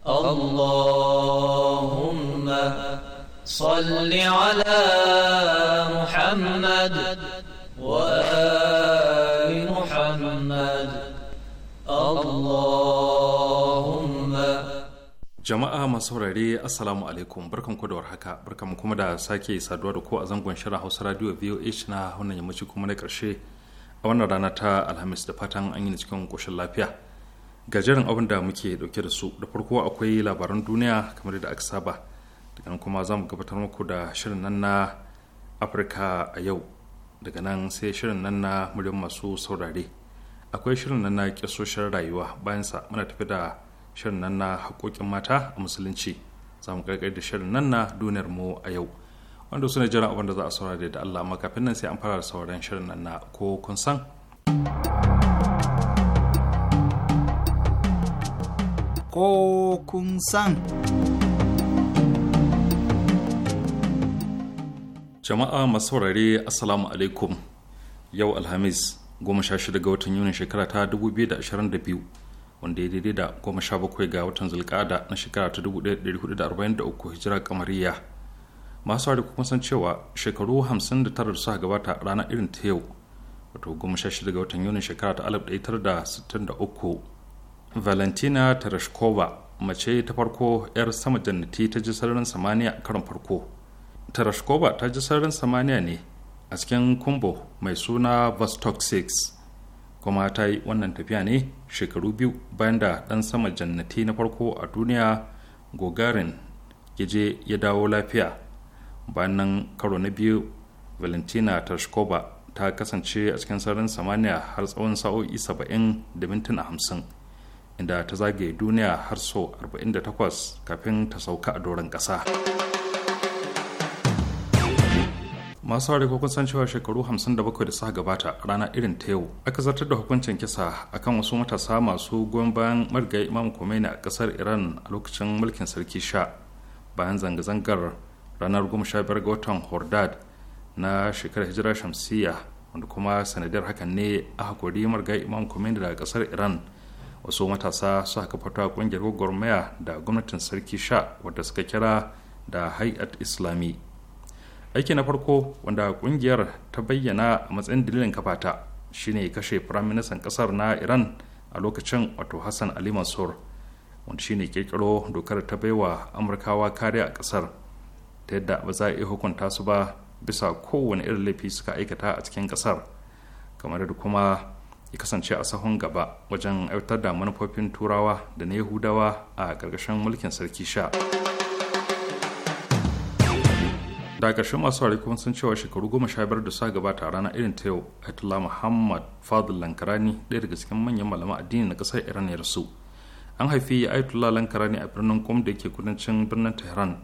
اللهم صل على محمد وآل محمد اللهم jama'a masu saurare assalamu alaikum barkan ku haka warhaka mu kuma da sake saduwa da ku a zangon shirin hausa radio voh na wannan yammaci kuma na karshe a wannan rana ta alhamis da fatan an yi cikin koshin lafiya gajeren abin da muke dauke da su da farko akwai labaran duniya kamar da aka saba daga nan kuma za mu gabatar muku da shirin nan na afirka a yau daga nan sai shirin nan na muryar masu saurare akwai shirin nan na kisoshin rayuwa bayansa muna tafi da shirin nan na haƙoƙin mata a musulunci za mu ƙarƙar da shirin nan na duniyar mu a yau wanda su ne jiran abin da za a saurare da allah amma kafin nan sai an fara sauran shirin nan na ko kun san ko kun san. Jama'a masu saurare Assalamu alaikum yau Alhamis goma sha shida ga watan Yunin shekara ta dubu biyu da da ashirin biyu wanda ya daidai da goma sha bakwai ga watan zulkada na shekara ta dubu ɗaya da da arba'in uku hijira kamariya. Masu saurare kuma san cewa shekaru hamsin da tara da suka gabata ranar irin ta yau wato goma sha shida ga watan Yunin shekara ta alif ɗaya da da sittin uku. valentina tereshkova mace ta farko 'yar sama jannati ta ji sararin samaniya a karon farko tereshkova ta ji sararin samaniya ne a cikin kumbo mai suna vostok 6 kuma ta yi wannan tafiya ne shekaru biyu bayan da ɗan sama jannati na farko a duniya gogarin ya je ya dawo lafiya bayan nan karo na biyu valentina tereshkova ta kasance a cikin sararin samaniya har tsawon sa'o'i 70 da mintuna 50 inda ta zage duniya har sau 48 kafin ta sauka a doron kasa. masu haure kun san cewa shekaru 57 da suka gabata rana irin ta yau aka zartar da hukuncin kisa akan wasu matasa masu goyon bayan marigayi imam Khomeini a kasar iran a lokacin mulkin sarki sha bayan zanga-zangar ranar 15 ga watan hordad na shekarar hijira shamsiyya wanda kuma sanadiyar hakan ne a hakuri marigayi imam Khomeini daga kasar iran wasu matasa suka kafa ta kungiyar gwagwarmaya da gwamnatin sarki sha wadda suka kira da hayat islami aiki na farko wanda kungiyar ta bayyana a matsayin dalilin kafata shine kashe firaministan kasar na iran a lokacin wato hassan ali mansur wanda shine kirkiro dokar ta baiwa amurkawa kariya a kasar ta yadda ba za a iya hukunta su ba bisa kowane irin laifi suka aikata a cikin kasar kamar da kuma ya kasance a sahun gaba wajen aiwatar da manufofin turawa da na yahudawa a ƙarƙashin mulkin sarki sha da ƙarshen masu hari kuma sun cewa shekaru goma sha biyar da sa gabata a ranar irin ta yau aitula muhammad fadl lankarani ɗaya daga cikin manyan malaman addini na ƙasar iran ya rasu an haifi aitula lankarani a birnin kom da ke kudancin birnin tehran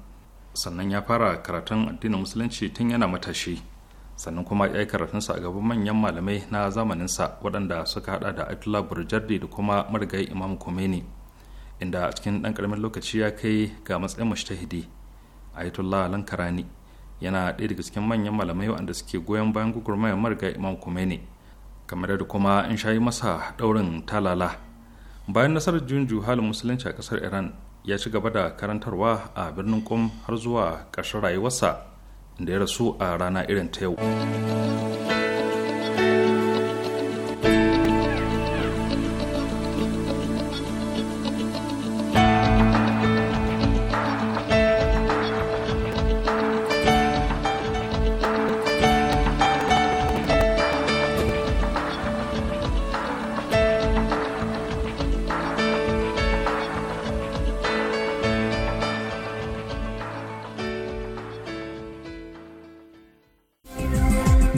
sannan ya fara karatun addinin musulunci tun yana matashi sannan kuma ya yi karatunsa a gaban manyan malamai na zamaninsa waɗanda suka hada da Abdullah Burjardi da kuma marigayi Imam Khomeini inda a cikin ɗan ƙaramin lokaci ya kai ga matsayin mushtahidi Ayatollah Lankarani yana ɗaya daga cikin manyan malamai waɗanda suke goyon bayan gugurmayar marigayi Imam Khomeini kamar da kuma in shayi masa ɗaurin talala bayan nasarar junju halin musulunci a ƙasar iran ya ci gaba da karantarwa a birnin kum har zuwa ƙarshen rayuwarsa da ya rasu a rana irin ta yau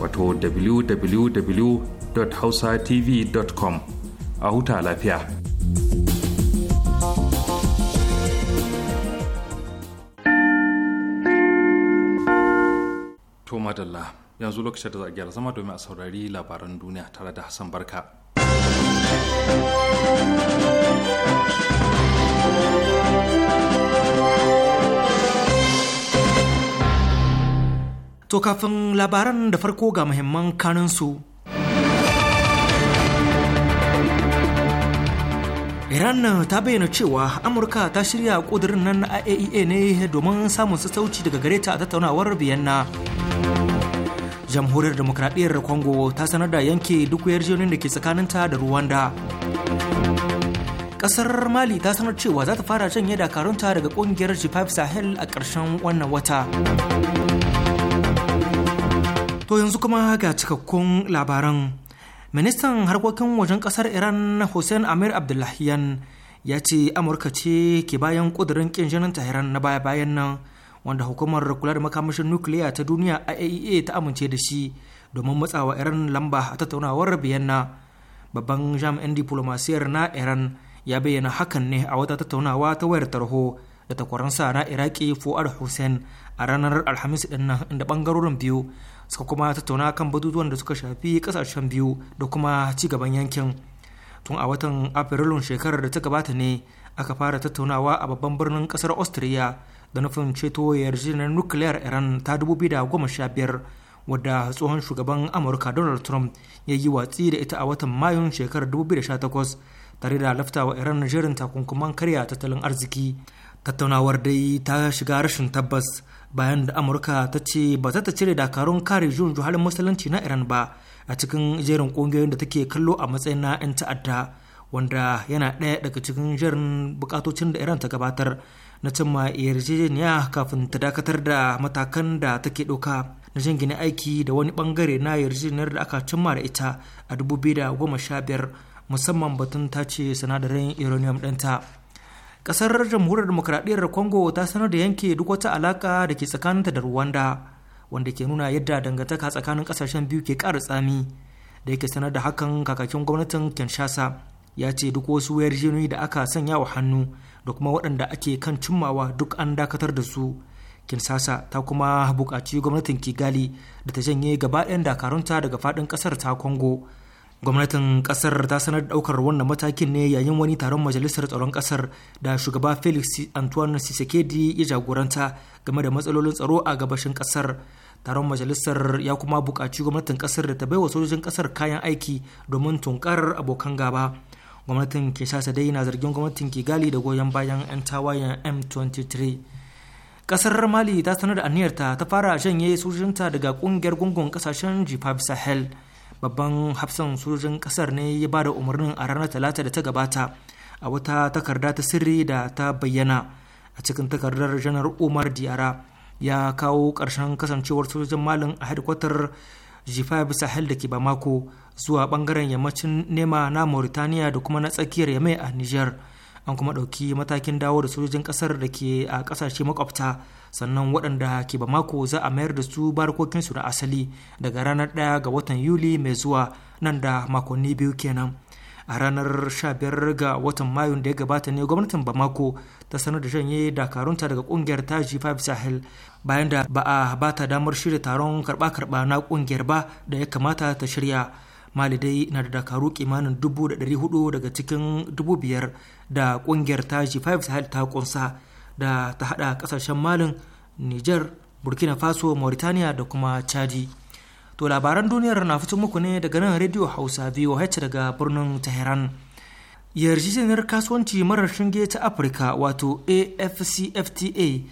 wato www.hausatv.com a huta lafiya. To madalla yanzu lokacin da za a zama domin a saurari labaran duniya tare da Hassan Barka. thank you To kafin labaran da farko ga muhimman kanunsu. Iran ta bayyana cewa Amurka ta shirya ƙudurin nan a AEA e ne domin samun sassauci daga gare ta a tattaunawar Vienna. Jamhuriyar Demokradiyyar Congo ta sanar da yanke duk yarjejeniyar da ke tsakaninta da Rwanda. Ƙasar Mali ta sanar cewa za ta fara janye dakarunta daga ƙungiyar G5 Sahel a ƙarshen wannan wata. To yanzu kuma ga cikakkun labaran. Ministan harkokin wajen kasar Iran Hussein Amir Abdullahiyan ya ce Amurka ce ke bayan ƙudurin ƙin jinin Tahiran na baya-bayan nan wanda hukumar kula da makamashin nukiliya ta duniya IAEA e ta amince da shi domin matsawa Iran lamba a tattaunawar biyanna Babban jami'in diplomasiyar na Iran ya bayyana hakan ne a wata tattaunawa ta wayar tarho da takwaransa na Iraki Fuad Hussein a ranar Alhamis ɗin nan inda ɓangarorin biyu suka kuma tattauna kan batutuwan da suka shafi kasashen biyu da kuma ci gaban yankin tun a watan afrilun shekarar da ta gabata ne aka fara tattaunawa a babban birnin kasar austria da nufin ceto yarjejeniyar nukiliyar iran ta sha biyar wadda tsohon shugaban amurka donald trump ya yi watsi da ita a watan mayun shekarar 2018 tare da laftawa iran jerin takunkuman karya tattalin arziki tattaunawar dai ta shiga rashin tabbas bayan da amurka ta ce ba za ta cire dakarun kare jun juhalin musulunci na iran ba a cikin jerin ƙungiyoyin da take kallo a matsayin na 'yan ta'adda wanda yana ɗaya daga cikin jerin bukatocin da iran ta gabatar na cimma yarjejeniya kafin ta dakatar da matakan da take ɗauka na jingine aiki da wani bangare na yarjejeniyar da aka cimma da ita a 2015 musamman batun tace sinadarin uranium ɗinta. kasar jamhuriyar demokradiyyar congo ta sanar da yanke duk wata alaka da ke tsakaninta da rwanda wanda ke nuna yadda dangantaka tsakanin ƙasashen biyu ke ƙara tsami da yake sanar da hakan kakakin gwamnatin kinshasa ya ce duk wasu yarjejeniyoyi da aka sanya wa hannu da kuma waɗanda ake kan cimmawa duk an dakatar da su kinshasa ta kuma buƙaci gwamnatin kigali da ta janye gaba ɗayan dakarunta daga faɗin ƙasar ta congo gwamnatin kasar ta sanar daukar wannan matakin ne yayin wani taron majalisar tsaron kasar da shugaba felix antoine sisekedi ya jagoranta game da matsalolin tsaro a gabashin kasar taron majalisar ya kuma buƙaci gwamnatin kasar da ta baiwa sojojin kasar kayan aiki domin tunkarar abokan gaba gwamnatin kinshasa dai na zargin gwamnatin kigali da goyon bayan 'yan tawayen m23 kasar mali ta sanar da aniyarta ta fara janye sojojinta daga kungiyar gungun kasashen g5 sahel babban hafsan sojojin kasar ne ya ba da umarnin a ranar talata da ta gabata a wata takarda ta sirri da ta bayyana a cikin takardar janar umar diara ya kawo ƙarshen kasancewar sojojin malin a hedkwatar g5 sahel da ke bamako zuwa bangaren yammacin nema na mauritaniya da kuma na tsakiyar yamai a niger an kuma ɗauki matakin dawo da sojojin ƙasar da ke a ƙasashe makwabta sannan waɗanda ke ba mako za a mayar da su barkokinsu na asali daga ranar 1 ga watan yuli mai zuwa nan da makonni biyu kenan a ranar 15 ga watan mayun da ya gabata ne gwamnatin bamako ta sanar da janye dakarunta daga kungiyar taji 5 sahel bayan da ba a bata damar shirya taron karba-karba na kungiyar ba da ya kamata ta shirya malidai na da dakaru kimanin 400 daga cikin 5,000 da kungiyar ta g5 sahel ta kunsa da ta hada kasashen malin niger burkina faso mauritania da kuma chadi to labaran duniyar na fito muku ne daga nan radio hausa voh daga birnin tehran yarjejeniyar kasuwanci marar shinge ta afirka wato afcfta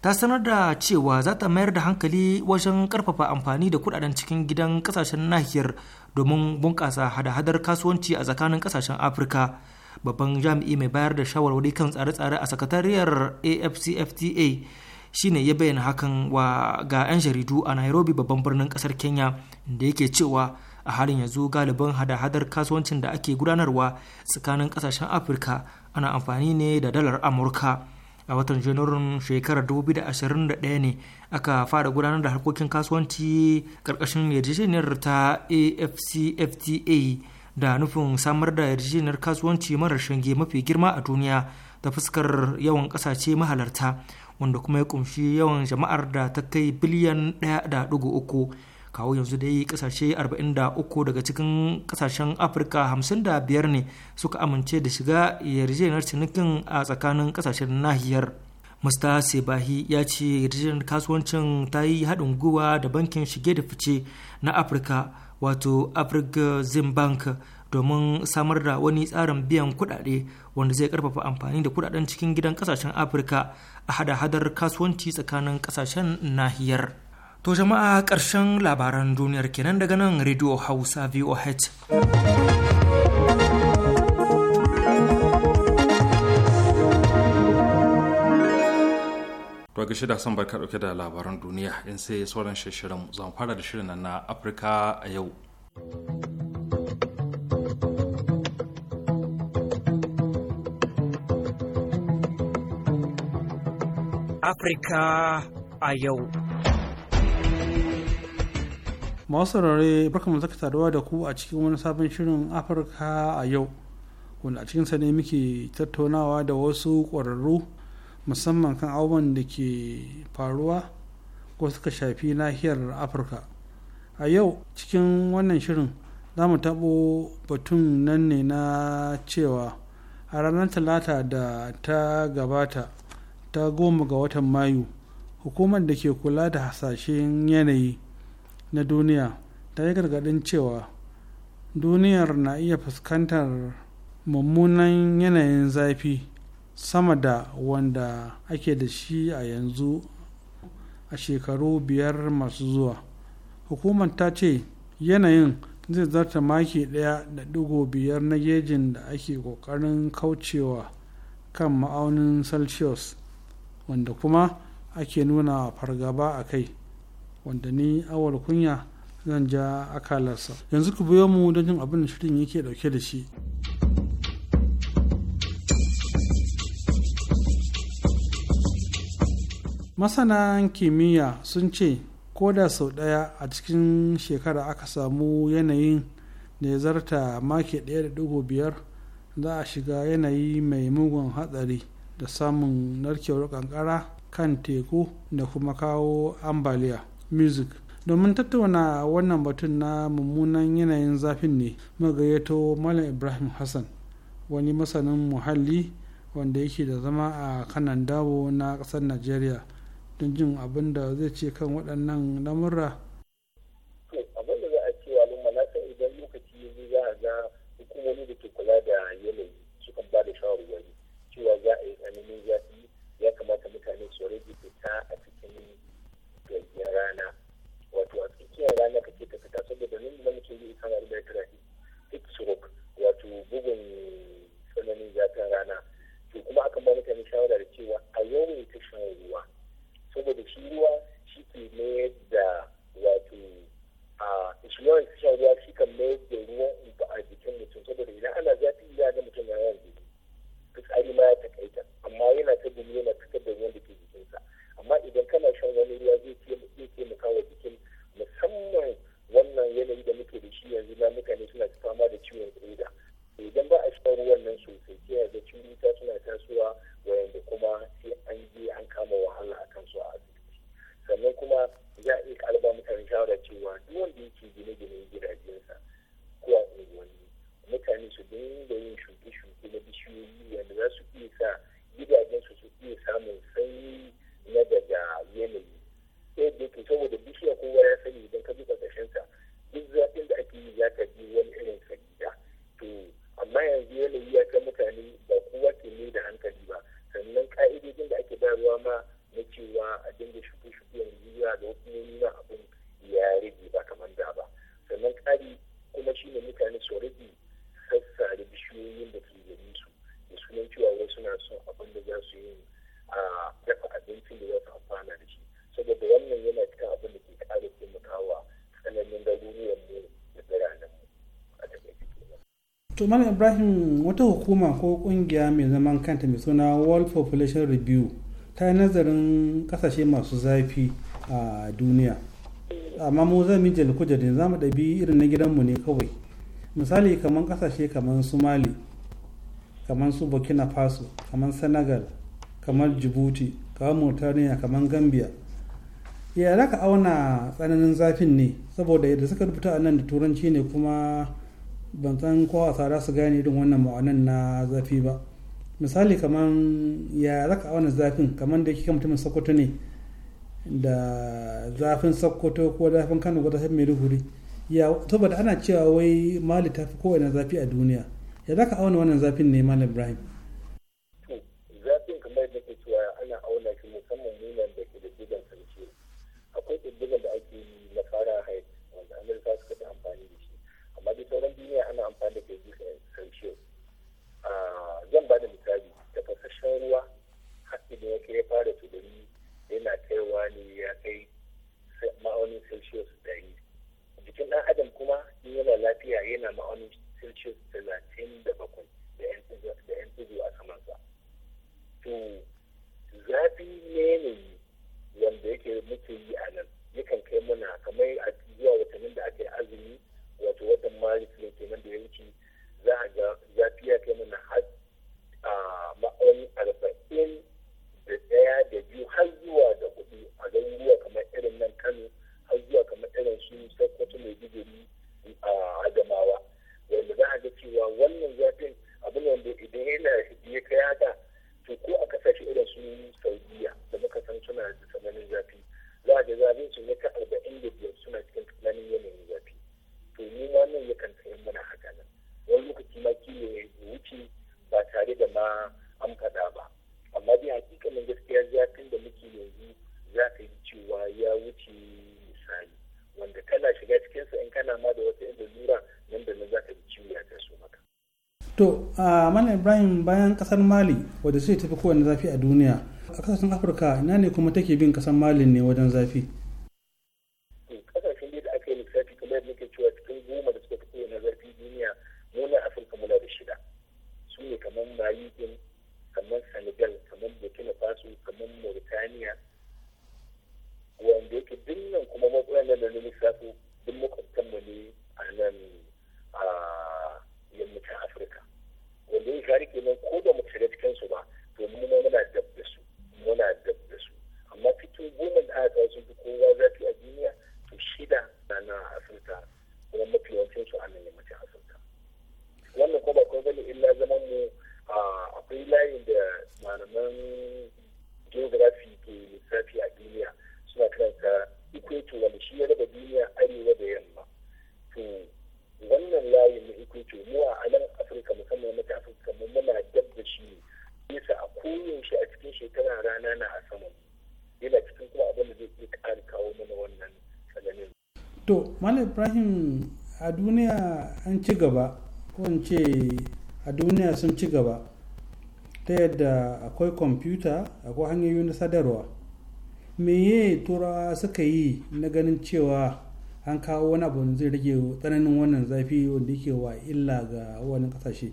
ta sanar da cewa za ta mayar da hankali wajen karfafa amfani da kudaden cikin gidan kasashen nahiyar domin bunƙasa hada-hadar kasuwanci a tsakanin ƙasashen afirka babban jami'i mai bayar da shawarwari kan tsare-tsare a sakatariyar afcfta shine ya bayyana hakan wa ga 'yan jaridu a nairobi babban birnin ƙasar kenya da yake cewa a halin yanzu galibin hada-hadar kasuwancin da ake gudanarwa tsakanin ƙasashen afirka ana amfani ne da dalar amurka a watan janairun shekarar 2021 ne aka fara gudanar da harkokin kasuwanci karkashin yarjejeniyar ta afcfta da nufin samar da yarjejeniyar kasuwanci marar shinge mafi girma a duniya ta fuskar yawan kasashe mahalarta wanda kuma ya kumshi yawan jama'ar da ta kai biliyan 1.3 kawo yanzu dai kasashe 43 daga cikin kasashen afirka 55 ne suka amince da shiga yarjejeniyar cinikin a tsakanin kasashen nahiyar musta sebahi ya ce yarjejeniyar kasuwancin ta yi haɗin gwiwa da bankin shige da fice na afirka wato africa bank domin samar da wani tsarin biyan kuɗaɗe wanda zai karfafa amfani da kuɗaɗen cikin gidan kasashen afirka a hada-hadar kasuwanci tsakanin kasashen nahiyar To jama'a ƙarshen labaran duniyar kenan daga nan Radio Hausa VOH. To ga shida son barka ɗauke da labaran duniya in sai sauran shirin zan fara da shirin na Afirka a yau. Afirka a yau. masu rarre barkamu zaka taruwa da ku a cikin wani sabon shirin afirka a yau wanda a cikinsa ne muke tattaunawa da wasu ƙwararru musamman kan abubuwan da ke faruwa ko suka shafi nahiyar afirka a yau cikin wannan shirin za mu taɓo batun nan ne na cewa a ranar talata da ta gabata ta goma ga watan mayu hukumar da ke kula da hasashen yanayi na duniya ta yi gargaɗin cewa duniyar na iya fuskantar mummunan yanayin zafi sama da wanda ake da shi a yanzu a shekaru biyar masu zuwa hukumar ta ce yanayin zai zarta maki ɗaya da digo biyar na gejin da ake ƙoƙarin kaucewa kan ma'aunin celsius wanda kuma ake nuna fargaba a kai wanda ni awal kunya zan ja akalarsa yanzu ku biyo mu don jin abin da shirin yake dauke da shi masana kimiyya sun ce ko da sau ɗaya a cikin shekara aka samu yanayin da ya zarta maki 1.5 za a shiga yanayi mai mugun hatsari da samun narkewar kankara kan teku da kuma kawo ambaliya music domin tattauna wannan batun na mummunan yanayin zafin ne magayyato malam ibrahim hassan wani masanin muhalli wanda yake da zama a kanan dawo na ƙasar najeriya don jin abin da zai ce kan waɗannan lamurra to malam ibrahim wata hukuma ko kungiya mai zaman kanta mai suna world population review ta yi nazarin kasashe masu zafi a duniya amma mu zan mi jalkujar ne za mu ɗabi irin na gidanmu ne kawai misali kamar kasashe kamar su mali kamar su burkina faso kamar senegal kamar djibouti kamar mauritania kamar gambia ya ka auna tsananin zafin ne saboda yadda suka rubuta a nan da turanci ne kuma ban san ko a tsara su gane irin wannan ma'anan na zafi ba misali kamar ya raka auna zafin kamar da kika mutumin sokoto ne da zafin sokoto ko zafin kano ko zafin maiduguri ya saboda ana cewa wai mali ta fi kowane zafi a duniya ya raka auna wannan zafin ne malam ibrahim kowa haske da ya kai fara tuduri yana kaiwa ne ya kai ma'aunin celsius ɗari jikin ɗan adam kuma in yana lafiya yana ma'aunin celsius talatin da bakwai da yan tudu a sa to zafi ne ne wanda yake muke yi a nan yakan kai mana kamar a zuwa watannin da aka yi azumi wato watan maris ne kenan da ya wuce za a ga zafi ya kai mana har ma'auni arba'in da ɗaya da biyu har zuwa da kuɗi a garuruwa kamar irin nan kano har zuwa kamar irin su sokoto mai digiri a adamawa wanda za a ga cewa wannan zafin abin wanda idan yana ya kai haka to ko a kasashe irin su saudiya da muka san suna da tsananin zafi za a ga zafin su ne ta arba'in da biyar suna cikin tsananin ibrahim bayan kasar mali wadda sai tafi kowane zafi a duniya a kasashen afirka ina ne kuma take bin kasar mali ne wajen zafi ci gaba ce a duniya sun ci gaba ta yadda akwai kwamfuta akwai hanyoyi na sadarwa meye turawa suka yi na ganin cewa an kawo wani abu zai rage tsananin wannan zafi wanda yake wa illa ga wani kasashe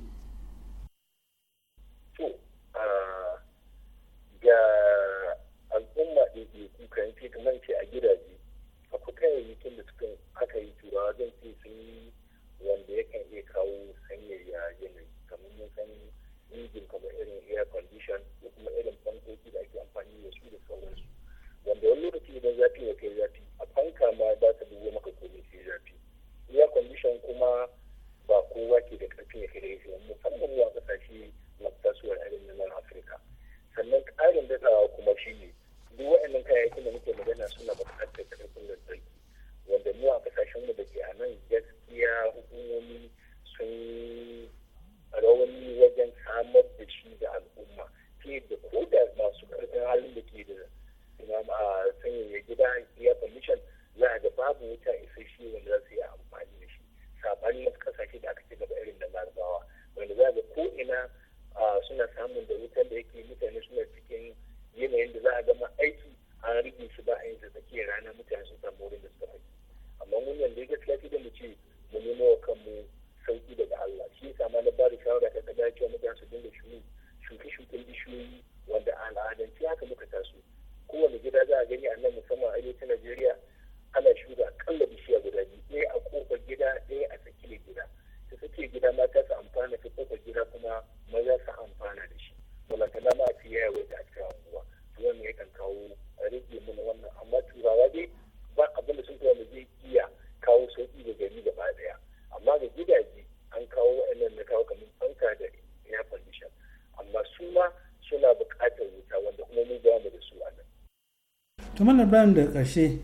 tuman ibrahim da ƙarshe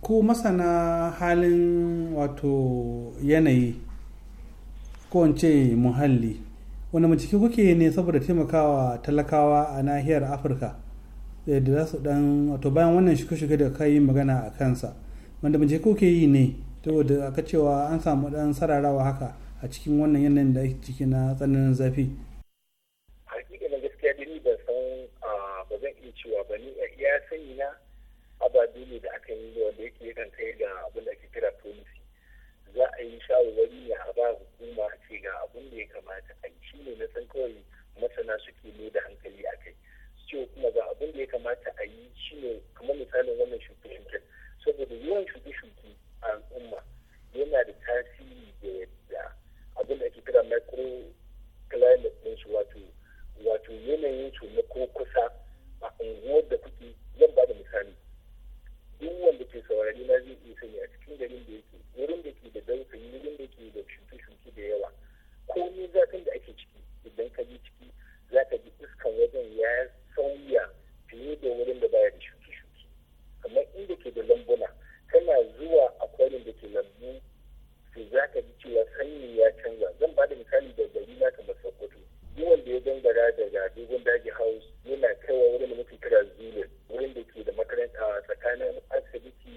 ko masana halin wato yanayi ko ce muhalli wani mace kuke ne saboda taimakawa talakawa a nahiyar afirka da za su dan wato bayan wannan shuke-shuke da ka yi magana a kansa wanda mace kuke yi ne wadda aka cewa an samu dan sararawa haka a cikin wannan yanayin da ake ciki na tsananin zafi ah, ba zan iya cewa ba ni ya sanyi na ababe ne da aka yi da wanda yake yakan kai ga abin da ake kira policy za a yi shawarwari ne a ba hukuma a ce ga abin da ya kamata a shi ne na san kawai masana suke ne da hankali a kai su kuma ga abin da ya kamata a yi shi ne kamar misalin wannan shuke-shuken saboda yawan shuke-shuke a al'umma yana da tasiri da yadda abin da ake kira micro climate din su wato wato yanayin su na kusa a unguwar da kuke zan ba da misali duk wanda ke saurari na zai iya sanya a cikin garin da yake wurin da ke da dausayi wurin da ke da shuke-shuke da yawa komai zafin da ake ciki idan ka je ciki za ka ji iskan wajen ya sauya fiye da wurin da baya da shuke-shuke kamar inda ke da lambuna kana zuwa a kwarin da ke lambu to za ka ji cewa sanyi ya canza zan ba da misali da gari na kamar sokoto duk wanda ya gangara daga dogon daji house yana kaiwa wurin da muke kira zilin wurin da ke da makaranta tsakanin asibiti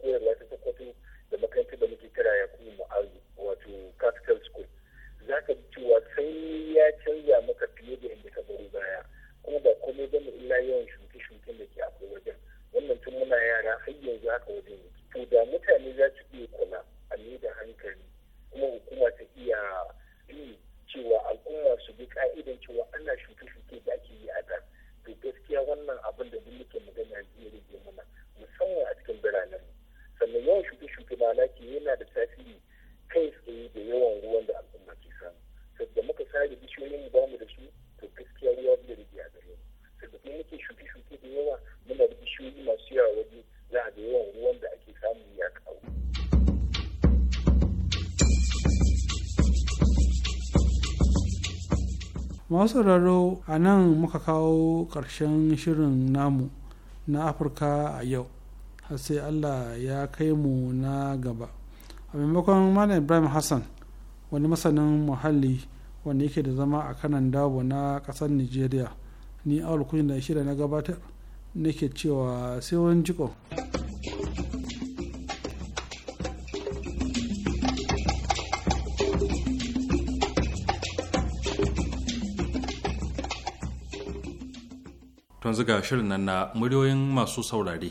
koyarwa ta sokoto da makarantar da muke kira ya kuma mu'azu wato capital school za ka ji cewa sai ya canza maka fiye da inda ka baro baya kuma ba komai bane illa yawan shuke-shuken da ke akwai wajen wannan tun muna yara har yanzu haka wajen to da mutane za su iya kula a da hankali kuma hukuma ta iya yi cewa al'umma su bi ka'idan cewa ana shuke-shuke da ake yi masu raro a nan muka kawo ƙarshen shirin namu na afirka a yau har sai allah ya kai mu na gaba a maimakon malam ibrahim hassan wani masanin muhalli wanda yake da zama a kanan dabo na ƙasar nigeria ni awal kudin da shida na gabatar nake cewa sai wani jiko yanzu ga shirin nan na muryoyin masu saurare.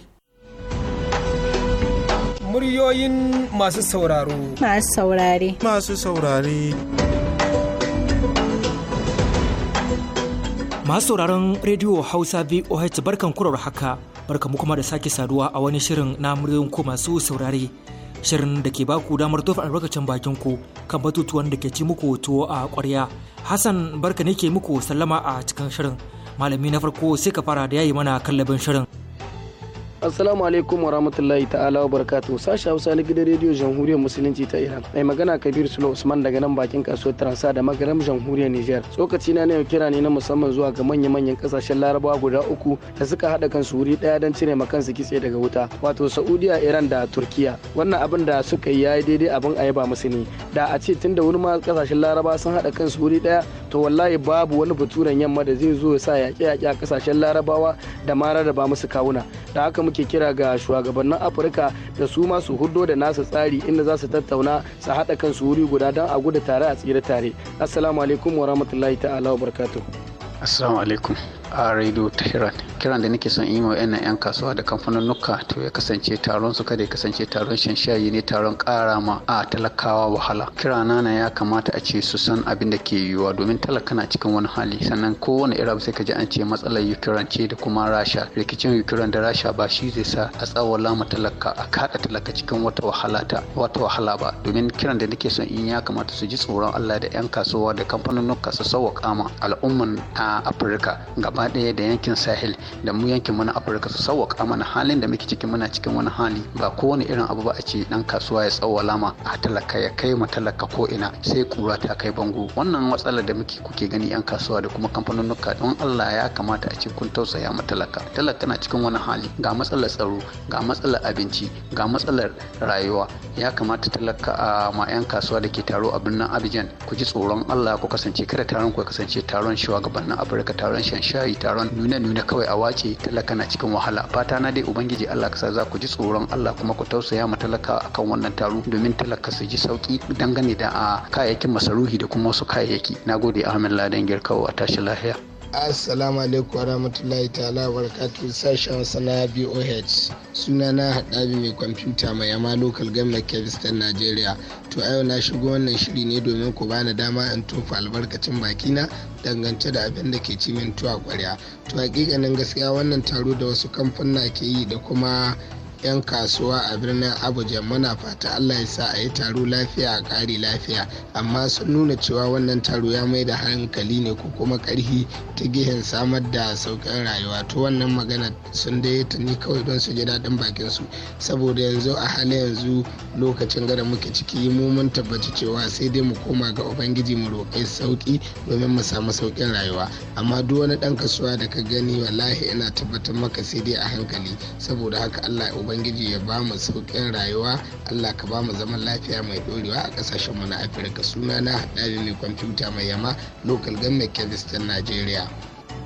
Muryoyin masu sauraro. Masu saurare. Masu saurare. Masu sauraron rediyo Hausa VOH barkan kurar haka mu kuma da sake saduwa a wani shirin na muryoyin ku masu saurare. Shirin da ke baku damar tofa albarkacin bakin ku kan batutuwan da ke ci muku tuwo a kwarya Hassan barka ne ke muku sallama a cikin shirin. malami na farko sai ka fara da yayi mana kallabin shirin Assalamu alaikum rahmatullahi ta'ala wa barakatuhu sashi Hausa na gidan rediyo Jamhuriyar Musulunci ta Iran. Mai magana Kabir Sulo Usman daga nan bakin kasuwar Transa da magaram Jamhuriyar Niger. Tsokaci na yau kira ne na musamman zuwa ga manya-manyan kasashen Larabawa guda uku da suka hada kansu wuri daya don cire ma kansu kitse daga wuta, wato Saudiya, Iran da Turkiya. Wannan abin da suka yi ya yi daidai abin a yaba musu ne. Da a ce tunda wani ma kasashen Larabawa sun hada kansu wuri daya to wallahi babu wani baturen yamma da zai zo ya sa yaƙe-yaƙe a ƙasashen larabawa da ma rarraba musu kawuna da haka muke kira ga shugabannin afirka da su ma su hudo da nasa tsari inda za su tattauna su haɗa kansu wuri guda don a gudu tare a tsira tare assalamu alaikum wa rahmatullahi ta'ala wa barakatuh assalamu alaikum a radio tehran kiran da nake son yi wa yan kasuwa da kamfanin nuka to ya kasance taron su kada ya kasance taron shan shayi ne taron kara ma a talakawa wahala kira na ya kamata a ce su san abin da ke yiwuwa domin talaka na cikin wani hali sannan kowane ira sai ka ji an ce matsalar ukraine ce da kuma rasha rikicin ukraine da rasha ba shi zai sa a tsawala ma talaka a kada talaka cikin wata wahala ta wata wahala ba domin kiran da nake son in ya kamata su ji tsoron Allah da yan kasuwa da kamfanin nuka su sauwaka ma al'umman a Afirka gaba gaba ɗaya da yankin sahel da mu yankin mana afirka su sauwaka mana halin da muke ciki muna cikin wani hali ba kowane irin abu ba a ce dan kasuwa ya tsawo alama a talaka ya kai ma talaka ko ina sai kura ta kai bango wannan matsalar da muke kuke gani yan kasuwa da kuma kamfanonuka don allah ya kamata a ce kun tausaya ma talaka talaka na cikin wani hali ga matsalar tsaro ga matsalar abinci ga matsalar rayuwa ya kamata talaka a ma yan kasuwa da ke taro a birnin abidjan ku ji tsoron allah ku kasance kada taron ku kasance taron shugabannin afirka taron shan shayi yi taron nuna nuna kawai a wace talaka na cikin wahala fata na dai ubangiji Allah ka sa za ku ji tsoron Allah kuma ku tausaya ma talaka akan wannan taro domin talaka su ji sauki dangane da a kayayyakin masaruhi da kuma wasu kayayyaki nagode Ahmed Ladan Girkawo a tashi lahiya assalamu alaikum wa rahmatullahi ta'ala wa barakatuhu sashen wasu na boh suna na haɗari mai kwamfuta mai yama local government kevistan Najeriya. to a yau na shigo wannan shiri ne domin ku bani dama in tofa albarkacin bakina dangance da abin da ke cimin tuwa kwarya to hakikanin gaskiya wannan taro da wasu kamfuna ke yi da kuma 'yan kasuwa a birnin abuja muna fata allah ya sa a yi taro lafiya a ƙari lafiya amma sun nuna cewa wannan taro ya mai da hankali ne ko kuma ƙarhi ta gihin samar da sauƙin rayuwa to wannan magana sun dai ta ni kawai don su ji daɗin bakin su saboda yanzu a halin yanzu lokacin gara muke ciki mu mun tabbaci cewa sai dai mu koma ga ubangiji mu roƙi sauƙi domin mu samu sauƙin rayuwa amma duk wani ɗan kasuwa da ka gani wallahi ina tabbatar maka sai dai a hankali saboda haka allah ya ubangiji ya ba mu sauƙin rayuwa allah ka ba mu zaman lafiya mai ɗorewa a ƙasashen mu na afirka sunana haɗari ne kwamfuta mai yama local government kebis ta najeriya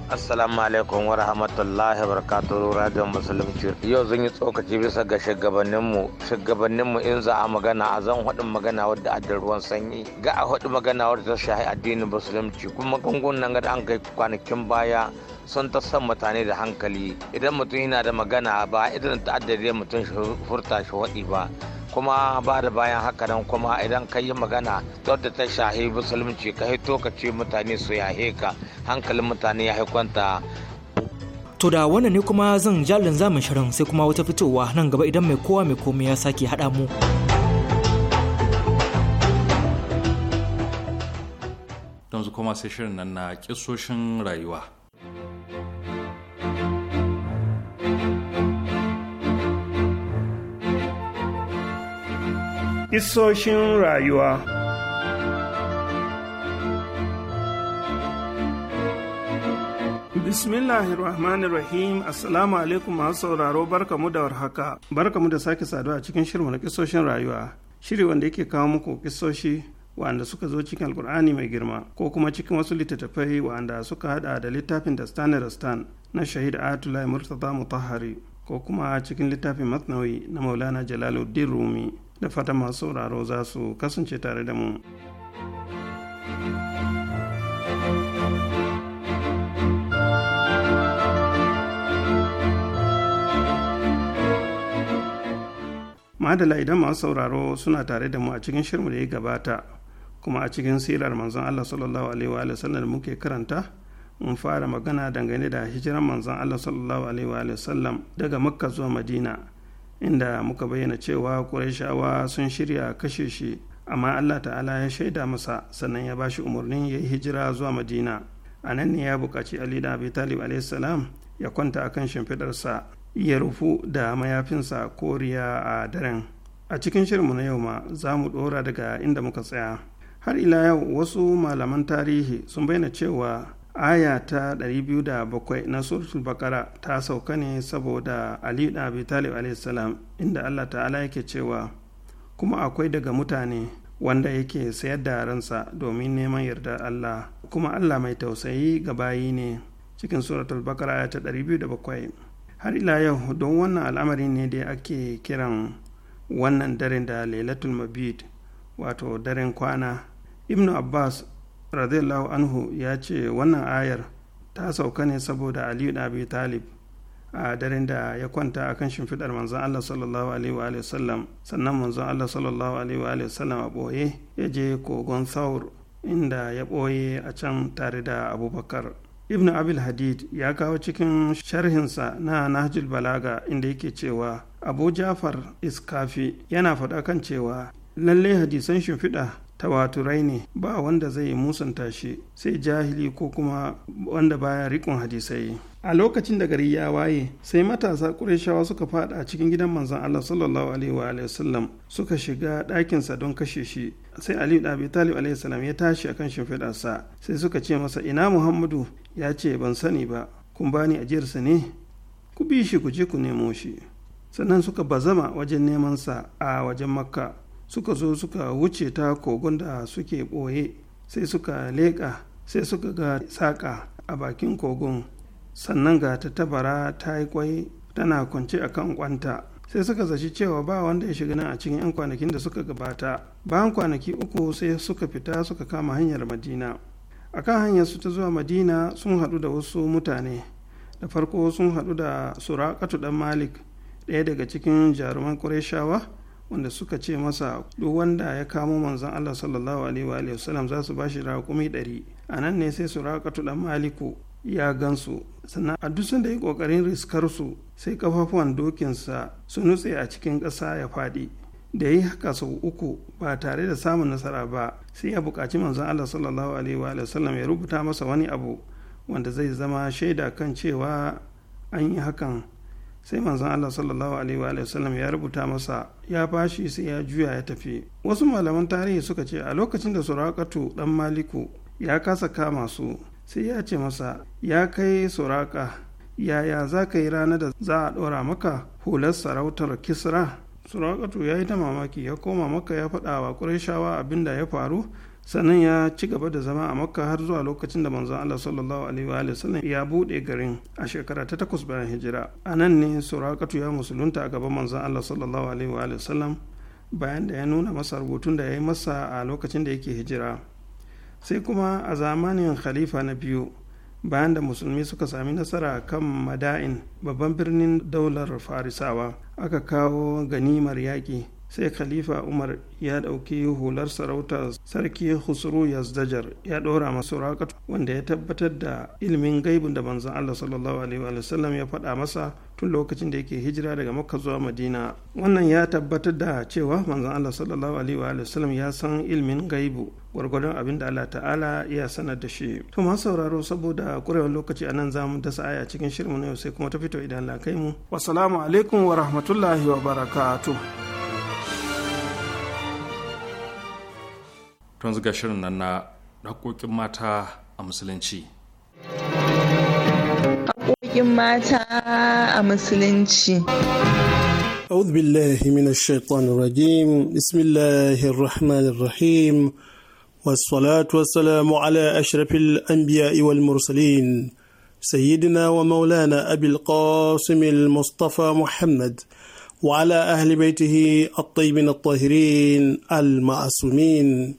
assalamu alaikum wa rahmatullahi wa barakatuhu radio muslim yau zan yi tsokaci bisa ga shugabanninmu shugabanninmu in za a magana a zan hudu magana wadda a ruwan sanyi ga a hudu magana wadda ta shahi addinin musulunci kuma gungun nan ga an kai kwanakin baya sun ta san mutane da hankali idan mutum yana da magana ba idan ta addare mutum furta shi waɗi ba kuma ba da bayan haka nan kuma idan ka yi magana wadda ta shahi musulunci ka hito ka ce mutane su yahe ka hankalin mutane ya kwanta To da wannan ne kuma zan jalin zamun shirin sai kuma wata fitowa nan gaba idan mai kowa mai komai ya sake haɗa mu. Yanzu kuma sai shirin nan na kisoshin rayuwa. Isoshin rayuwa Bismillahirrahmanirrahim Assalamu alaikum masu sauraro barkamu da warhaka barkamu da sake saduwa a cikin shirin na kisoshin rayuwa shiri wanda yake kawo muku kisoshi wanda suka zo cikin alkur'ani mai girma ko kuma cikin wasu littattafai wanda suka hada da littafin da stan stan na shahid atulai murtaza mutahari ko kuma cikin littafin matnawi na maulana jalaluddin rumi da fata masu sauraro za su kasance tare da mu. madala idan masu sauraro suna tare da mu a cikin shirmu da ya gabata kuma a cikin sirar manzon Allah sallallahu alaihi wa sallam da muke karanta mun fara magana dangane da hijiran manzon Allah sallallahu alaihi wa sallam daga makka zuwa madina inda muka bayyana cewa ƙurayshawa sun shirya kashe shi amma allah ta'ala ya shaida masa sannan ya bashi umarnin ya yi hijira zuwa madina a nan ne ya buƙaci ali da abi talib salam ya kwanta a kan shimfidarsa. ya rufu da mayafinsa koriya a daren a cikin shirinmu na yau ma za mu ɗora daga inda muka tsaya har ila yau wasu malaman tarihi sun bayyana cewa aya ta 207 na suratul bakara ta sauka ne saboda ali da abi talib salam inda allah ta'ala yake cewa kuma akwai daga mutane wanda yake sayar da ransa domin neman yarda allah kuma allah mai tausayi ga bayi ne cikin suratul bakara aya ta 207 har ila yau don wannan al'amari ne da ake kiran wannan daren da lailatul mabid wato daren kwana ibnu abbas radiyallahu anhu ya ce wannan ayar ta sauka ne saboda aliyu da abi talib a daren da ya kwanta a kan shimfiɗar manzon Allah sallallahu alaihi wa sallam sannan manzon Allah sallallahu alaihi wa sallam a ɓoye ya je kogon saur inda ya ɓoye a can tare da abubakar ibn abil hadid ya kawo cikin sharhinsa na nahjul balaga inda yake cewa abu jafar iskafi yana faɗa kan cewa lallai hadisan shimfiɗa tawaturai ne ba wanda zai musanta shi sai jahili ko kuma wanda baya rikon hadisai a lokacin da gari ya waye sai matasa ƙurashawa suka fada cikin gidan manzon Allah sallallahu alaihi wa sallam suka shiga ɗakinsa don kashe shi sai Aliyu da Abi Talib alaihi salam ya tashi akan shimfiɗarsa sai suka ce masa ina Muhammadu ya ce ban sani ba kun bani sa ne ku bi shi ku je ku nemo shi sannan suka bazama wajen neman sa a wajen Makka suka zo suka wuce ta kogon da suke ɓoye sai suka leƙa sai suka ga saƙa a bakin kogon sannan ga ta tabara ta yi kwai tana kwance a kan kwanta sai suka zaci cewa ba wanda ya shiga nan a cikin 'yan kwanakin da suka gabata bayan kwanaki uku sai suka fita suka kama hanyar madina a kan hanyar su ta zuwa madina sun haɗu da wasu mutane da farko sun haɗu da suraƙatu ɗan malik ɗaya daga cikin jaruman ƙureshawa wanda suka ce masa duk wanda ya kamo manzon Allah sallallahu alaihi wa wasallam za su bashi raƙumi ɗari a nan ne sai su rakatu ɗan maliku ya gansu sannan a duk sanda ya ƙoƙarin riskar su sai kafafuwan sa su nutse a cikin ƙasa ya faɗi da yi haka sau uku ba tare da samun nasara ba sai ya buƙaci manzon Allah sallallahu alaihi wa wasallam ya rubuta masa wani abu wanda zai zama shaida kan cewa an yi hakan sai manzon Allah sallallahu alaihi wa sallam ya rubuta masa ya fashi sai ya juya ya tafi wasu malaman tarihi suka ce a lokacin da surakatu dan maliku ya kasa kama su sai ya ce masa ya kai suraka yaya za ka yi rana da za a ɗora maka hular sarautar kisra surakatu ya yi ta mamaki ya koma maka ya faɗa wa abin da ya faru sannan ya ci gaba da zama a makka har zuwa lokacin da manzon allah sallallahu alaihi wa sallam ya buɗe garin a shekara ta takwas bayan hijira a nan ne surakatu ya musulunta a gaban manzon allah sallallahu alaihi wa sallam bayan da ya nuna masa rubutun da ya yi masa a lokacin da yake hijira sai kuma a zamanin khalifa na biyu bayan da musulmi suka sami nasara kan mada'in babban birnin daular farisawa aka kawo ganimar yaƙi sai khalifa umar ya ɗauki hular sarauta sarki husru yazdajar ya ɗora masu raƙat wanda ya tabbatar da ilimin gaibin da manzon allah sallallahu alaihi wa ya faɗa masa tun lokacin da yake hijira daga makka zuwa madina wannan ya tabbatar da cewa manzon allah sallallahu alaihi wa ya san ilimin gaibu gwargwadon abin da allah ta'ala ya sanar da shi to ma sauraro saboda ƙurewar lokaci a nan zamu dasa aya cikin shirin na yau sai kuma ta fito idan la kai mu wasalamu alaikum wa rahmatullahi wa barakatuh tun zuga shirin nan na haƙoƙin mata a musulunci haƙoƙin mata a musulunci أعوذ بالله من الشيطان الرجيم بسم الله الرحمن الرحيم والصلاة والسلام على أشرف الأنبياء والمرسلين سيدنا ومولانا أبي القاسم المصطفى محمد وعلى أهل بيته الطيبين الطاهرين المعصومين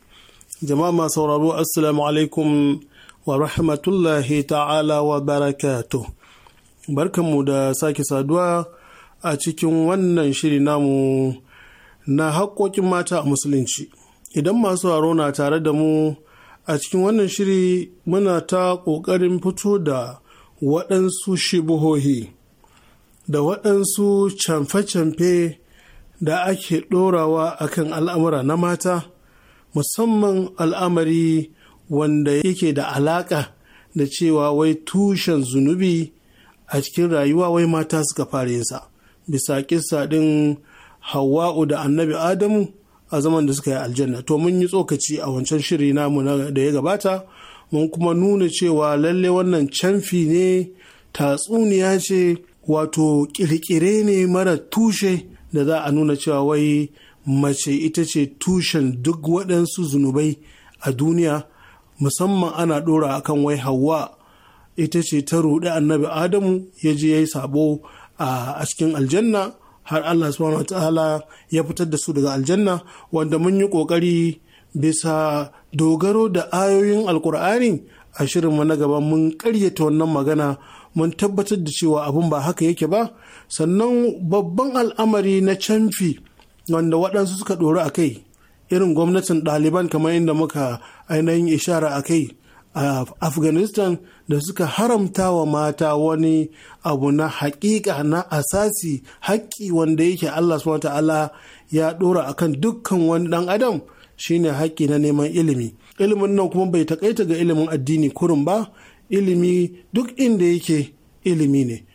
jama'a masu sauraro assalamu alaikum wa rahmatullahi ta'ala wa barakatu barkanmu da sake saduwa a cikin wannan shiri namu na haƙoƙin mata a musulunci idan masu haro na tare da mu a cikin wannan shiri muna ta ƙoƙarin fito da waɗansu shibuhohi da waɗansu camfe-camfe da ake ɗorawa akan al'amura na mata musamman al'amari wanda yake da alaƙa da cewa wai tushen zunubi a cikin rayuwa wai mata suka fara yinsa bisa kissa ɗin hawa'u da annabi adamu a zaman da suka yi aljanna to mun yi tsokaci a wancan shiri namu da ya gabata mun kuma nuna cewa lalle wannan canfi ne tatsuniya ce wato kirkire ne mara tushe da za a nuna cewa wai mace ita ce tushen duk waɗansu zunubai a duniya musamman ana ɗora akan wai hawa ita ce ta ruɗe annabi adamu ya je ya yi sabo a cikin aljanna har allah subhanahu ta'ala ya fitar da su daga aljanna wanda mun yi ƙoƙari bisa dogaro da ayoyin alkur'ani a shirinmu na gaba mun ƙaryata wannan magana mun tabbatar da cewa abin ba haka yake ba sannan babban al'amari na canfi wanda waɗansu suka ɗori a kai irin gwamnatin ɗaliban kamar inda muka ainihin ishara a kai a afghanistan da suka haramta wa mata wani abu na haƙiƙa na asasi haƙƙi wanda yake allah subhanahu ta'ala ya ɗora akan dukkan wani ɗan adam shine haƙƙi na neman ilimi ilimin nan kuma bai taƙaita ga ilimin addini kurin ba ilimi duk inda yake ilimi ne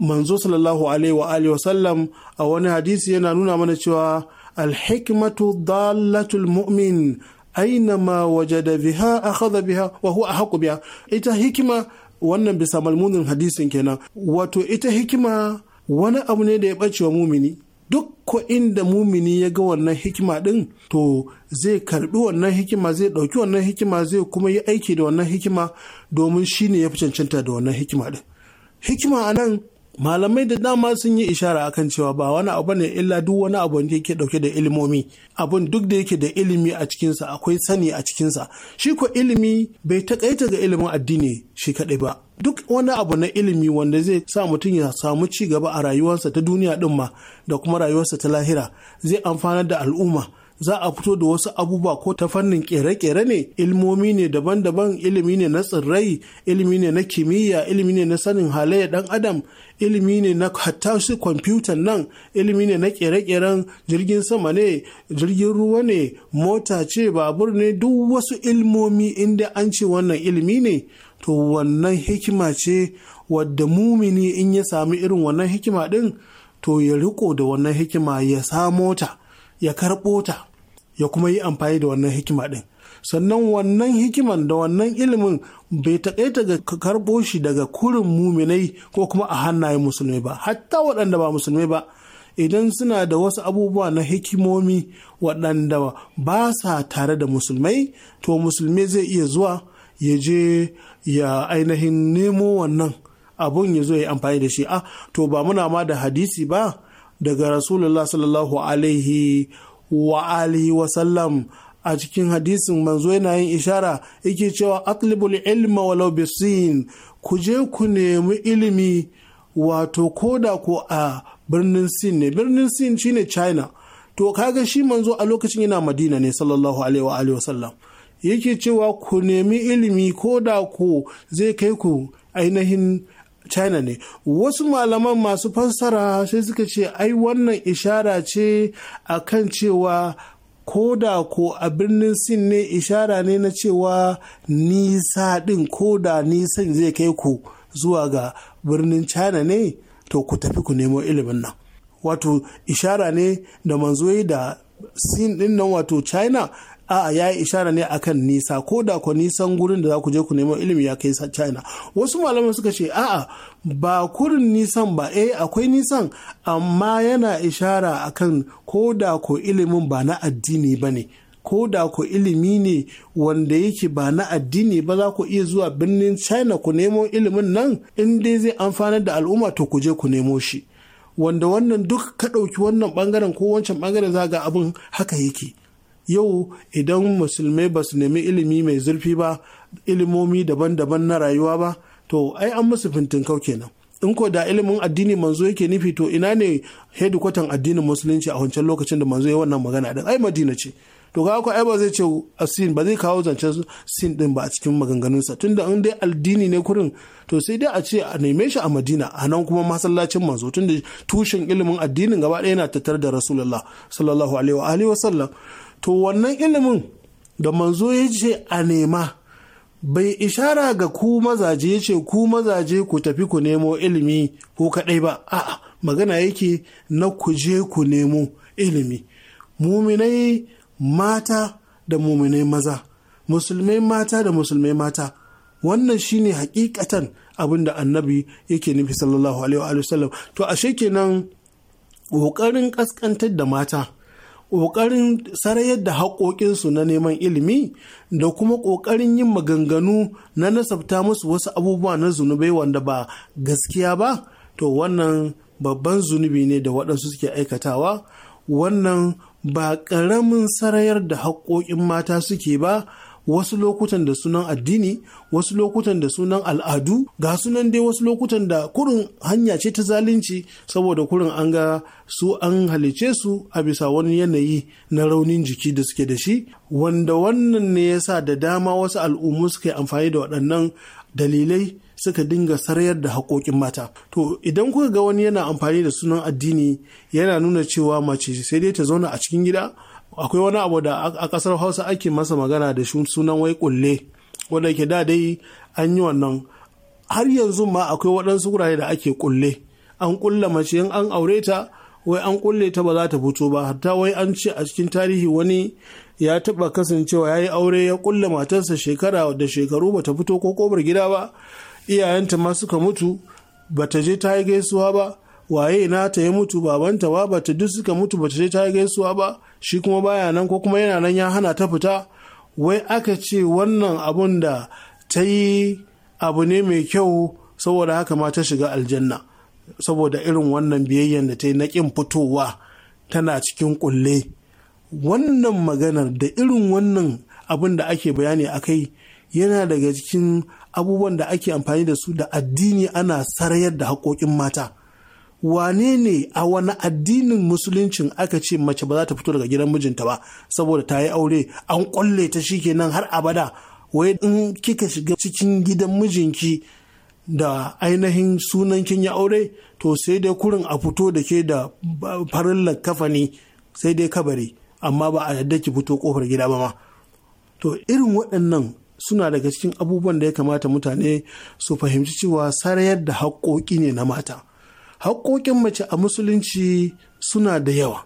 manzo sallallahu alaihi wa alihi wasallam a wani hadisi yana nuna mana cewa alhikmatu dalatul mu'min aina ma wajada biha akhadha biha wa huwa ahqqu biha ita hikima wannan bisa malmunin hadisin kenan wato ita hikima wani abu ne da ya bace wa mumini duk ko inda mumini ya ga wannan hikima din to zai karbi wannan hikima zai dauki wannan hikima zai kuma yi aiki da wannan hikima domin shine ya fi cancanta da wannan hikima din hikima anan. malamai da dama sun yi ishara akan cewa ba wani abu ne illa duk wani abu da yake dauke da ilimomi abun duk da yake da ilimi a cikinsa akwai sani a cikinsa shi ko ilimi bai takaita ga ilimin addini shi kadai ba duk wani abu na ilimi wanda zai sa mutum ya samu ci gaba a rayuwarsa ta duniya din ma da kuma rayuwarsa ta lahira zai amfanar da al'umma za a fito da wasu abubuwa ko ta fannin kere-kere ne ilmomi ne daban-daban ilimi ne na tsirrai ilimi ne na kimiyya ilimi ne na sanin halayya dan adam ilimi ne na hatta su kwamfutan nan ilimi ne na kere-keren jirgin sama ne jirgin ruwa ne mota ce babur ne duk wasu ilmomi inda an ce wannan ilimi ne to wannan hikima ce wadda mumini in ya sami irin wannan hikima din to ya riko da wannan hikima ya samo ta ya karɓo ta ya kuma yi amfani da wannan hikima ɗin sannan wannan hikiman da wannan ilimin bai taƙaita ga karɓo shi daga kurin muminai ko kuma a hannayen musulmai ba hatta waɗanda ba musulmai ba idan suna da wasu abubuwa na hikimomi waɗanda ba sa tare da musulmai to musulmi zai iya zuwa ya je ya ainihin nemo wannan abun ya zo ya amfani da shi Ah, to ba muna ma da hadisi ba daga rasulullah sallallahu alaihi wa alihi wa a cikin hadisin manzo yana yin ishara yake cewa atlibul ilma walau bisin ku je ku nemi ilimi wato koda ko a birnin sin ne birnin sin shine china to kaga shi manzo a lokacin yana madina ne sallallahu alaihi wa alihi wasallam yake cewa ku nemi ilimi koda ko zai kai ku ainihin china ne wasu malaman masu fassara sai suka ce ai wannan ishara ce a kan cewa ko da ko a birnin sin ne ishara ne na cewa nisa din ko da nisan zai kai ku zuwa ga birnin china ne to ku tafi ku nemo ilimin nan wato ishara ne da manzoyi da sin din nan wato china a'a ya yi ishara ne akan nisa ko da ku nisan gurin da za ku je ku nemo ilimi ya kai china wasu malamai suka ce a'a ba kurin nisan ba eh akwai nisan amma yana ishara akan ko da ku ilimin ba na addini ba ne ko da ku ilimi ne wanda yake ba na addini ba za ku iya zuwa birnin china ku nemo ilimin nan in dai zai amfanar da al'umma to ku je ku nemo shi wanda wannan duk ka ɗauki wannan ɓangaren ko wancan ɓangaren za ga abin haka yake yau idan musulmai ba su nemi ilimi mai zurfi ba ilimomi daban-daban na rayuwa ba to ai an musu kau kenan in ko da ilimin addini manzo yake nufi to ina ne hedikwatan addinin musulunci a wancan lokacin da manzo ya wannan magana din ai madina ce to ga ko ai ba zai ce sin ba zai kawo zancen sin din ba a cikin maganganunsa tunda in dai addini ne kurin to sai dai a ce a neme shi a madina a nan kuma masallacin manzo tunda tushen ilimin addinin gaba ɗaya yana tattare da rasulullah sallallahu alaihi wa alihi wa sallam to wannan ilimin da manzo ya ce a nema bai ishara ga ku mazaje ya ce ku mazaje ku tafi ku nemo ilimi ko kaɗai ba a'a magana yake na ku je ku nemo ilimi muminai mata da muminai maza musulmai mata da musulmai mata wannan shine hakikatan abin da annabi yake nufi sallallahu alaihi wa sallam to ashe kenan ƙoƙarin ƙaskantar da mata ƙoƙarin sarayar da haƙoƙinsu na neman ilimi da kuma ƙoƙarin yin maganganu na nasabta musu wasu abubuwa na zunubai wanda ba gaskiya ba to wannan babban zunubi ne da waɗansu suke aikatawa wannan ba ƙaramin sarayar da haƙoƙin mata suke ba wasu lokutan da sunan addini wasu lokutan da sunan al'adu ga sunan dai wasu lokutan da kurin hanya ce ta zalunci saboda kurin an ga su an halice su a bisa wani yanayi na raunin jiki da suke da shi wanda wannan ne ya sa da dama wasu al'ummu suka yi amfani da waɗannan dalilai suka dinga sarayar da haƙoƙin mata. To idan kuka ga wani yana amfani da sunan addini yana nuna cewa mace sai dai ta zauna a cikin gida akwai wani abu da a kasar hausa ake masa magana da shi sunan wai kulle wanda ke da dai an yi wannan har yanzu ma akwai waɗansu wurare da ake kulle an kulle mace in an aure ta wai an kulle ta ba za ta fito ba hatta wai an ce a cikin tarihi wani ya taɓa kasancewa ya yi aure ya kulle matarsa shekara da shekaru ba ta fito ko kobar gida ba iyayenta ma suka mutu ba ta je ta yi gaisuwa ba waye na ta yi mutu babanta ba ba ta duk suka mutu ba ta je ta yi gaisuwa ba shi kuma baya nan ko kuma yana nan ya hana ta fita wai aka ce wannan abun da ta yi abu ne mai kyau saboda haka ma ta shiga aljanna saboda irin wannan biyayyen da ta yi na ƙin fitowa tana cikin ƙulle. wannan maganar da irin wannan abun da ake bayani a kai yana daga cikin abubuwan da ake amfani da su da addini ana sarayar da haƙoƙin mata wane ne a wani addinin musuluncin aka ce mace ba za ta fito daga gidan mijinta ba saboda ta yi aure an kwalle ta shi kenan har abada wai in kika shiga cikin gidan mijinki da ainihin sunan kin ya aure to sai dai kurin a fito da ke da farillar kafani sai dai kabari amma ba a yadda ki fito kofar gida ba ma to irin waɗannan suna daga cikin abubuwan da ya kamata mutane su fahimci cewa sarayar da haƙoƙi ne na mata haƙoƙin mace a musulunci suna da yawa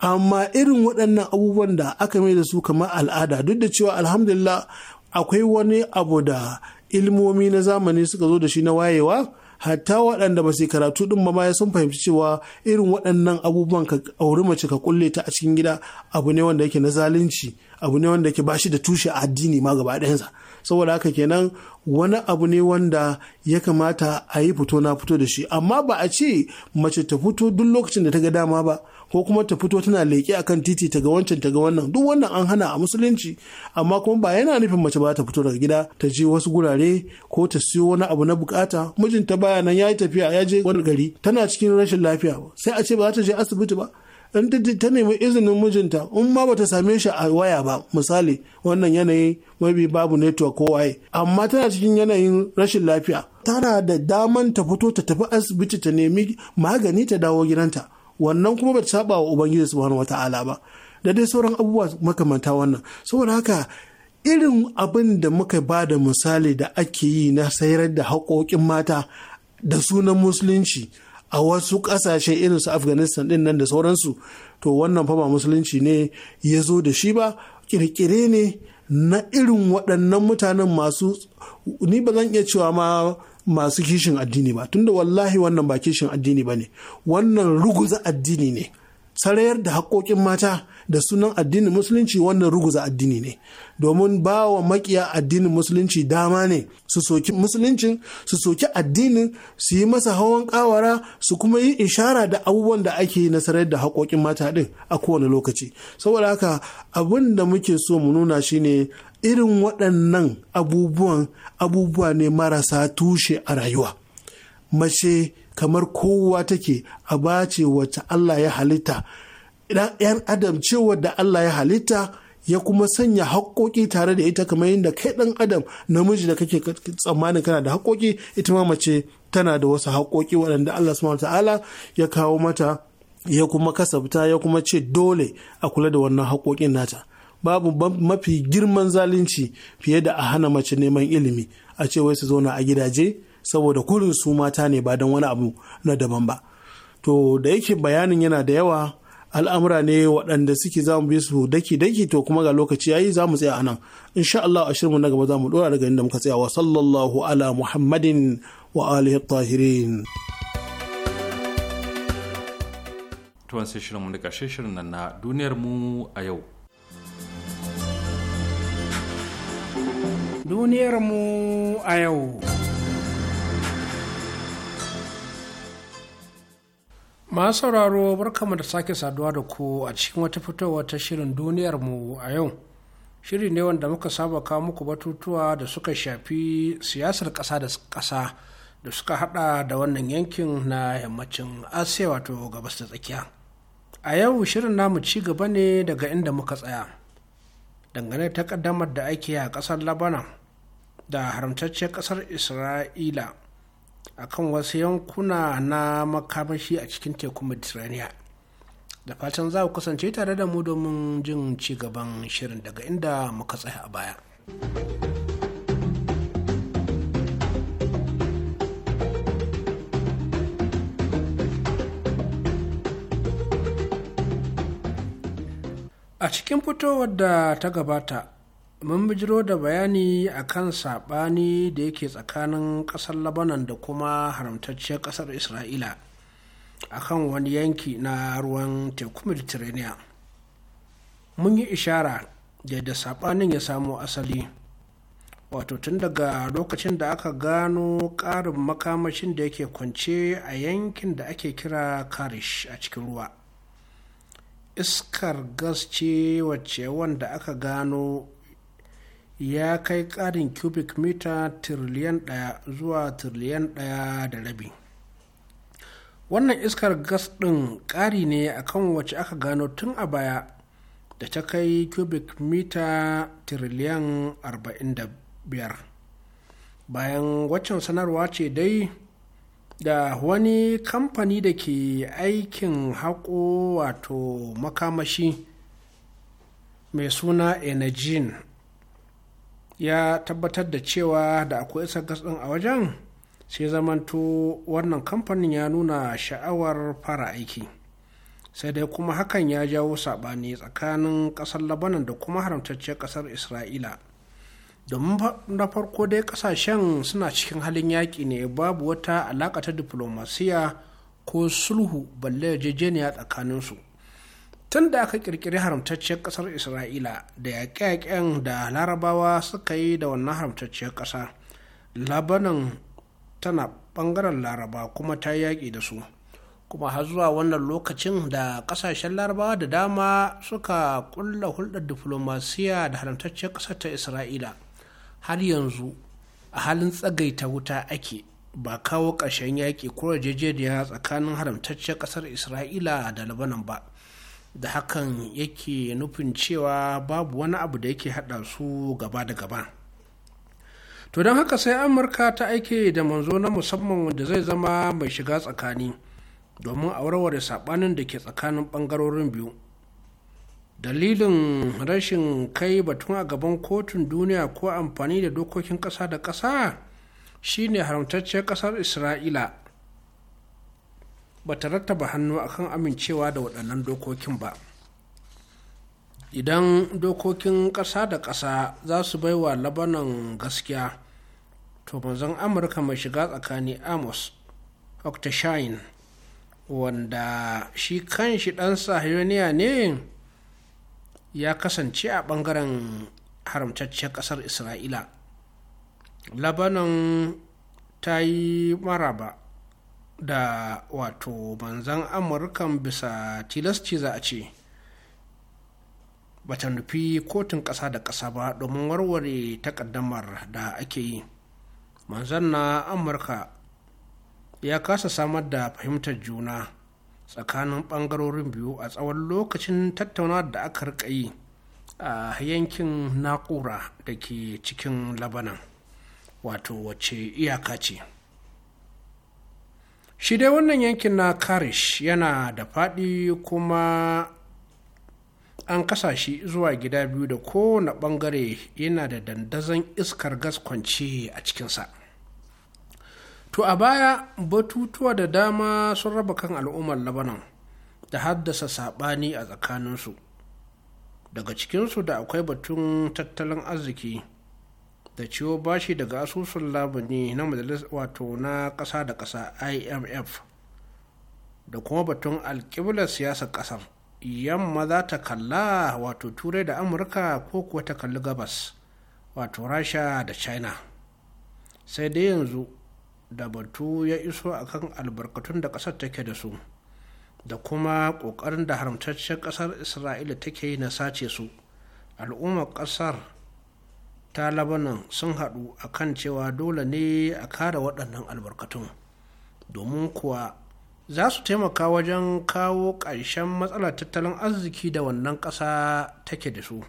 amma irin waɗannan abubuwan da aka mai da su kamar al'ada duk da cewa alhamdulillah akwai wani abu da ilmomi na zamani suka zo da shi na wayewa hatta waɗanda ba su karatu ɗin ba ya sun fahimci cewa irin waɗannan abubuwan ka auri mace ka kulle ta a cikin gida abu ne wanda yake na zalunci abu ne wanda yake bashi da tushe a addini ma gaba ɗayansa saboda haka kenan wani abu ne wanda ya kamata a yi fito na fito da shi amma ba a ce mace ta fito duk lokacin da ta ga dama ba ko kuma ta fito tana leƙe akan titi ta ga wancan ta ga wannan duk wannan an hana a musulunci amma kuma ba yana nufin mace ba ta fito daga gida ta je wasu gurare ko ta siyo wani abu na bukata mijinta baya nan ya yi tafiya ya je wani gari tana cikin rashin lafiya sai a ce ba ta je asibiti ba in ta nemi izinin mijinta in ma bata same shi a waya ba misali wannan yanayi mabi babu network ko waye amma tana cikin yanayin rashin lafiya tana da daman ta fito ta tafi asibiti ta nemi magani ta dawo gidanta wannan kuma bata saba wa ubangiji subhanahu wata'ala ba da dai sauran abubuwa makamanta wannan saboda haka irin abin da muka ba da misali da ake yi na sayar da haƙoƙin mata da sunan musulunci a wasu kasashe irin su afghanistan din nan da sauransu to wannan fama musulunci ne ya zo da shi ba kirkire ne na irin waɗannan mutanen masu ni ba zan iya cewa ma masu kishin addini ba tunda wallahi wannan ba kishin addini ba ne wannan ruguza addini ne sarayar da haƙoƙin mata da sunan addinin musulunci wannan ruguza addini ne domin ba wa makiya addinin musulunci dama ne su soki musuluncin su soki addinin su yi masa hawan ƙawara, su kuma yi ishara da abubuwan da ake yi sarayar da haƙoƙin mata ɗin a kowane lokaci saboda haka abin da muke so mu nuna shine irin waɗannan abubuwan abubuwa ne marasa tushe a rayuwa mace kamar kowa take a bace wacce Allah ya halitta ‘yan adam ce wadda Allah ya halitta ya kuma sanya haƙoƙi tare da ita kamar yadda kai ɗan adam namiji da kake tsammanin kana da haƙoƙi ita ma mace tana da wasu haƙoƙi waɗanda Allah subhanahu ta'ala ya kawo mata ya kuma kasabta ya kuma ce dole a kula da wannan haƙoƙin nata babu mafi girman zalunci fiye da a hana mace neman ilimi a ce wai su zauna a gidaje saboda kurin su mata ne ba don wani abu na daban ba to da yake bayanin yana da yawa al'amura ne waɗanda suke za mu bi su daki-daki to kuma ga lokaci yayi za mu tsaya a nan insha Allah a shirmu na gaba za mu ɗora daga inda muka tsaya wa sallallahu ala muhammadin wa alihi tahirin tuwan sai shirin da ƙarshen shirin nan na duniyar mu a yau duniyar mu a yau masu sauraro barkamu da sake saduwa da ku a cikin wata fitowa ta shirin duniyar mu a yau shiri ne wanda muka saba kawo muku batutuwa da suka shafi siyasar ƙasa da ƙasa da suka hada da wannan yankin na yammacin asiya wato gabas da tsakiya a yau shirin namu ci gaba ne daga inda muka tsaya dangane ta ƙaddamar da ake a ƙasar labanan da haramtacciyar ƙasar isra'ila akan wasu yankuna na makamashi a cikin tekun mediterranean da fatan za ku kasance tare da mu domin jin ci gaban shirin daga inda muka tsaya a baya a cikin fitowar da ta gabata mun bijiro da bayani a kan saɓani da yake tsakanin ƙasar labanan da kuma haramtacciyar ƙasar isra'ila a kan wani yanki na ruwan teku mediterranean mun yi ishara da saɓanin ya samo asali wato tun daga lokacin da aka gano ƙarin makamashin da yake kwance a yankin da ake kira karish a cikin ruwa iskar gas ce wacce wanda aka gano ya kai ƙarin cubic mita tiriliyan ɗaya zuwa tiriliyan ɗaya da rabi wannan iskar gas ɗin ƙari ne akan wace aka gano tun a baya da ta kai cubic mita tiriliyan 45 bayan waccan sanarwa ce dai da wani kamfani da ke aikin haƙo wato makamashi mai suna energene ya tabbatar da cewa da akwai isar gas ɗin a wajen sai zamanto wannan kamfanin ya nuna sha'awar fara aiki sai dai kuma hakan ya jawo saɓani tsakanin ƙasar labanan da kuma haramtacciyar ƙasar isra'ila domin na farko dai ƙasashen suna cikin halin yaƙi ne babu wata alaƙa ta diflomasiya ko sulhu balle yarjejeniya tsakaninsu tun da aka kirkiri haramtacciyar kasar isra'ila da yaƙe-yaƙen da larabawa suka yi da wannan haramtacciyar ƙasa labanan tana ɓangaren laraba kuma ta yaƙi da su kuma har zuwa wannan lokacin da ƙasashen larabawa da dama suka ƙulla hulɗar diflomasiya da haramtacciyar ƙasar ta isra'ila har yanzu a halin tsagaita wuta ake ba kawo ƙarshen yaƙi ko yarjejeniya tsakanin haramtacciyar ƙasar isra'ila da labanan ba da hakan yake nufin cewa babu wani abu da yake hada su gaba da gaba to don haka sai amurka ta aike da manzo na musamman da zai zama mai shiga tsakani domin a warware saɓanin da ke tsakanin ɓangarorin biyu dalilin rashin kai batun a gaban kotun duniya ko amfani da dokokin ƙasa da ƙasa shine haramtacciyar ƙasar isra'ila ba ta rattaba hannu akan amincewa da waɗannan dokokin ba idan dokokin ƙasa da ƙasa za su bai wa labanan gaskiya to manzon amurka mai shiga tsakani amos octashine wanda shi kanshi ɗan sahiyoniya ne ya kasance a ɓangaren haramtacciyar ƙasar isra'ila labanan ta yi maraba da wato Manzon amurkan bisa tilasci za a ce bata nufi kotun ƙasa da ƙasa ba domin warware takaddamar da ake yi manzan na amurka ya kasa samar da fahimtar juna tsakanin ɓangarorin biyu a tsawon lokacin tattauna da aka rika yi a yankin naƙura da ke cikin labanan wato wacce iyaka ce shi dai wannan yankin na karish yana da faɗi kuma an kasa shi zuwa gida biyu da kowane ɓangare yana da dandazon iskar gas kwanci a cikinsa to a baya batutuwa da dama sun raba kan al'ummar labanan da haddasa saɓani a tsakaninsu daga cikinsu da akwai batun tattalin arziki da ciwo bashi daga asusun labuni na majalis wato na ƙasa da ƙasa imf da kuma batun alƙiblar siyasar ƙasar yamma za ta kalla wato turai da amurka ko kuwa ta kalli gabas wato rasha da china sai dai yanzu da batu ya iso akan albarkatun da ƙasar take da su da kuma ƙoƙarin da haramtaccen ƙasar isra'ila take yi na sace su al'ummar ƙasar ta labanan sun haɗu a kan cewa dole ne a kare waɗannan albarkatun domin kuwa za su taimaka wajen kawo ƙarshen matsalar tattalin arziki da wannan ƙasa take da su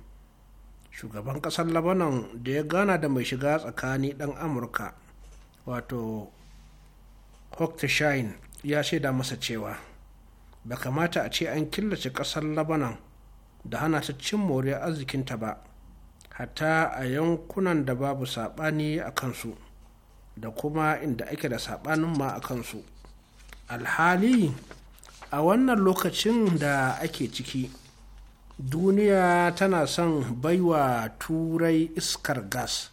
shugaban ƙasar labanan da ya gana da mai shiga tsakani ɗan amurka wato Hokteshine ya shaida masa cewa ba kamata a ce an killace ƙasar labanan da hana ta cin moriyar arzikinta ba hatta a yankunan da babu saɓani a kansu da kuma inda ake da saɓanin ma a kansu alhali a wannan lokacin da ake ciki duniya tana son baiwa turai iskar gas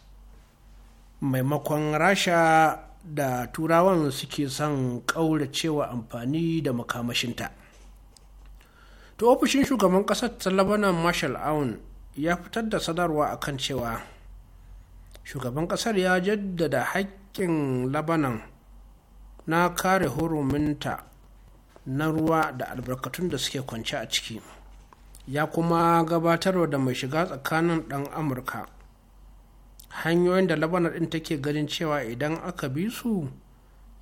maimakon rasha da turawan suke son ƙauracewa amfani da makamashinta Ta ofishin shugaban ƙasar ta labanan marshal aun ya fitar da sadarwa a kan cewa shugaban kasar ya jaddada haƙƙin labanan na kare huruminta na ruwa da albarkatun da suke kwance a ciki ya kuma gabatarwa da mai shiga tsakanin ɗan amurka hanyoyin da labanan ɗin take ganin cewa idan aka bi su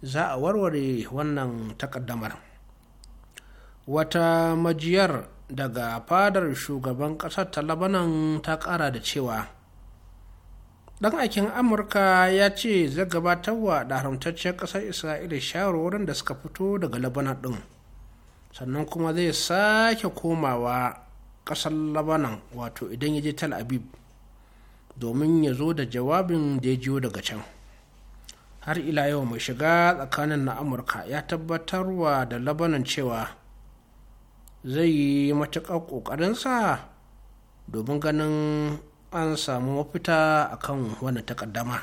za a warware wannan takaddamar wata majiyar daga fadar shugaban ƙasar ta labanan ta ƙara da cewa ɗan aikin amurka ya ce zai gabatarwa da haramtaccen ƙasar isra'ila shawarwarin da suka fito daga labanan ɗin sannan kuma zai sake komawa ƙasar labanan wato idan ya je tel aviv domin ya zo da jawabin da ya jiyo daga can har ila yau mai shiga tsakanin na amurka ya tabbatarwa da labanan cewa zai yi matuƙar ƙoƙarinsa domin ganin an samu mafita a kan wani takaddama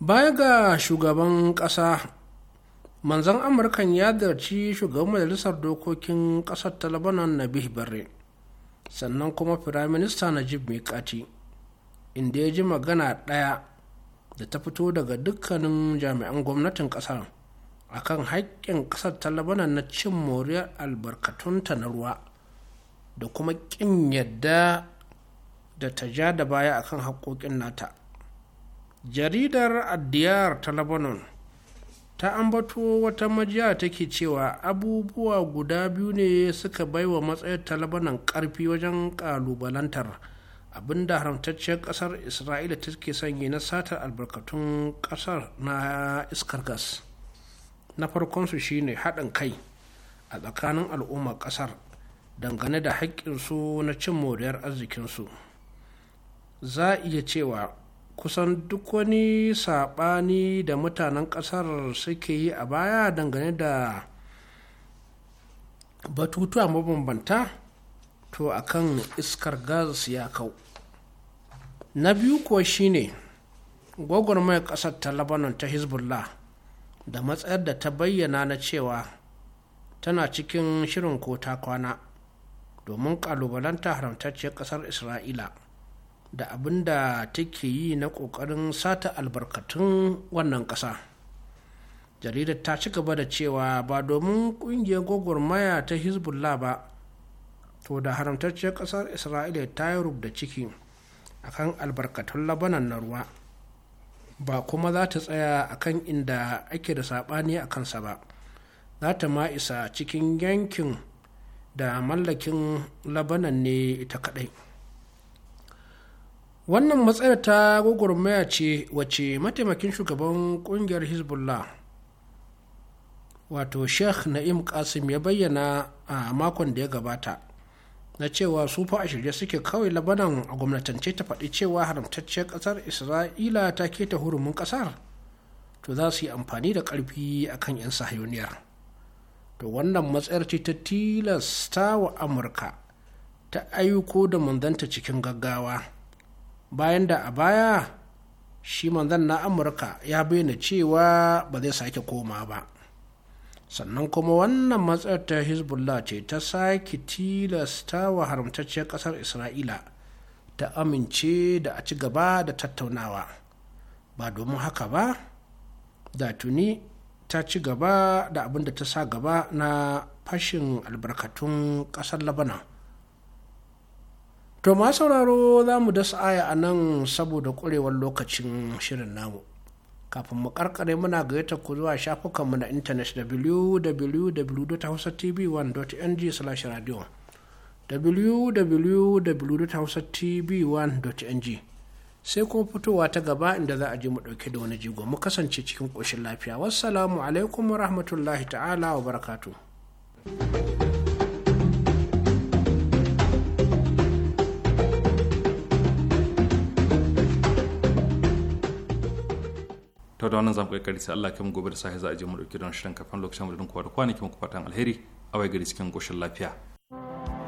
baya ga shugaban ƙasa manzan amurkan ya zarci shugaban majalisar dokokin ƙasar ta lebanon na barre sannan kuma firaminista najib mikati inda ya ji magana ɗaya da ta fito daga dukkanin jami'an gwamnatin ƙasar akan haƙƙin ƙasar ta labanan na cin moriyar albarkatunta na ruwa da kuma ƙin yadda da ta ja da baya akan haƙoƙin nata jaridar addiyar ta labanon ta ambato wata majiya take cewa abubuwa guda biyu ne suka baiwa matsayar ta labanan ƙarfi wajen ƙalubalantar abinda haramtacciyar ƙasar isra'ila take sanya na satar albarkatun ƙasar na iskar gas na farkonsu shine haɗin kai a tsakanin al'ummar ƙasar dangane da haƙƙinsu na cin moriyar arzikinsu za a iya cewa kusan duk wani saɓani da mutanen ƙasar suke yi a baya dangane da batutuwa mabambanta to a kan iskar gas ya kau na biyu kuwa shine gwagwarmayar ƙasar ta labanon ta hezbollah da matsayar da ta bayyana na cewa tana cikin shirin ko ta kwana domin kalubalanta haramtacciyar ƙasar isra'ila da abin da take yi na ƙoƙarin sata albarkatun wannan ƙasa jaridar ta ci gaba da cewa ba domin ƙungiyar gwagwarmaya ta hezbollah ba to da haramtacciyar ƙasar isra'ila ta yi rubda ciki akan albarkatun labanan na ruwa ba kuma za ta tsaya a kan inda ake da saɓani a kansa ba za ta ma isa cikin yankin da mallakin labanan ne ita kaɗai wannan matsayar ta gwagwarmaya ce wace mataimakin shugaban ƙungiyar hezbollah wato sheikh na'im kasim ya bayyana a makon da ya gabata na cewa su fa a shirye suke kawai labanan a gwamnatance ta faɗi cewa haramtacciyar ƙasar isra'ila ta keta hurumin ƙasar to za su yi amfani da ƙarfi a kan 'yan sahiyoniyar to wannan matsayar ce ta tilasta wa amurka ta ayyuko da manzanta cikin gaggawa bayan da a baya shi manzan na amurka ya bayyana cewa ba zai sake koma ba sannan kuma wannan matsayar ta hezbollah ce ta sake tilasta wa haramtacciyar ƙasar isra'ila ta amince da a ci gaba da tattaunawa ba domin haka ba da tuni ta ci gaba da abin da ta sa gaba na fashin albarkatun ƙasar labanan to ma sauraro za mu dasa aya a nan saboda ƙwarewar lokacin shirin namu kafin mu karkare muna gayyata ku zuwa shafukan mu na intanet www.hausatv1.ng/radio www.hausatv1.ng sai kuma fitowa ta gaba inda za a je mu dauke da wani jigo mu kasance cikin koshin lafiya wassalamu alaikum rahmatullahi ta'ala wa barakatuh to da wannan zamu kadi sai Allah mu gobe da sahi za a je mu dauki don shirin kafin lokacin mu da kuwa da kwanaki mu fatan alheri a wai gari cikin goshin lafiya